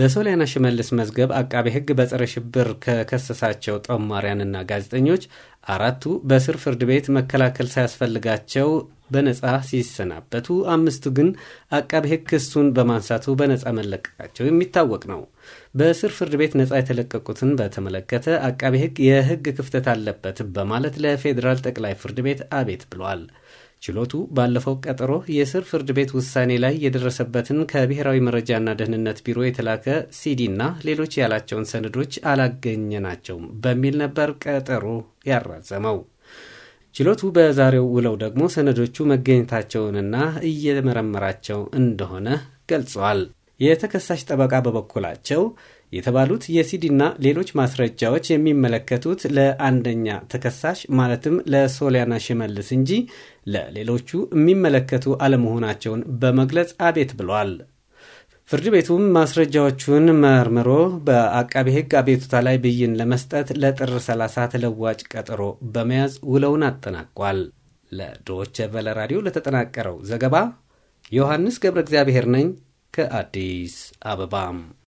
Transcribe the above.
በሶሊያና ሽመልስ መዝገብ አቃቤ ሕግ በጸረ ሽብር ከከሰሳቸው ጦማሪያንና ጋዜጠኞች አራቱ በስር ፍርድ ቤት መከላከል ሳያስፈልጋቸው በነጻ ሲሰናበቱ፣ አምስቱ ግን አቃቤ ሕግ ክሱን በማንሳቱ በነጻ መለቀቃቸው የሚታወቅ ነው። በስር ፍርድ ቤት ነጻ የተለቀቁትን በተመለከተ አቃቤ ሕግ የሕግ ክፍተት አለበት በማለት ለፌዴራል ጠቅላይ ፍርድ ቤት አቤት ብሏል። ችሎቱ ባለፈው ቀጠሮ የስር ፍርድ ቤት ውሳኔ ላይ የደረሰበትን ከብሔራዊ መረጃና ደህንነት ቢሮ የተላከ ሲዲና ሌሎች ያላቸውን ሰነዶች አላገኘናቸውም በሚል ነበር ቀጠሮ ያራዘመው። ችሎቱ በዛሬው ውለው ደግሞ ሰነዶቹ መገኘታቸውንና እየመረመራቸው እንደሆነ ገልጸዋል። የተከሳሽ ጠበቃ በበኩላቸው የተባሉት የሲዲና ሌሎች ማስረጃዎች የሚመለከቱት ለአንደኛ ተከሳሽ ማለትም ለሶሊያና ሽመልስ እንጂ ለሌሎቹ የሚመለከቱ አለመሆናቸውን በመግለጽ አቤት ብለዋል። ፍርድ ቤቱም ማስረጃዎቹን መርምሮ በአቃቤ ሕግ አቤቱታ ላይ ብይን ለመስጠት ለጥር 30 ተለዋጭ ቀጠሮ በመያዝ ውለውን አጠናቋል። ለዶቸ ቨለ ራዲዮ ለተጠናቀረው ዘገባ ዮሐንስ ገብረ እግዚአብሔር ነኝ። ከአዲስ አበባም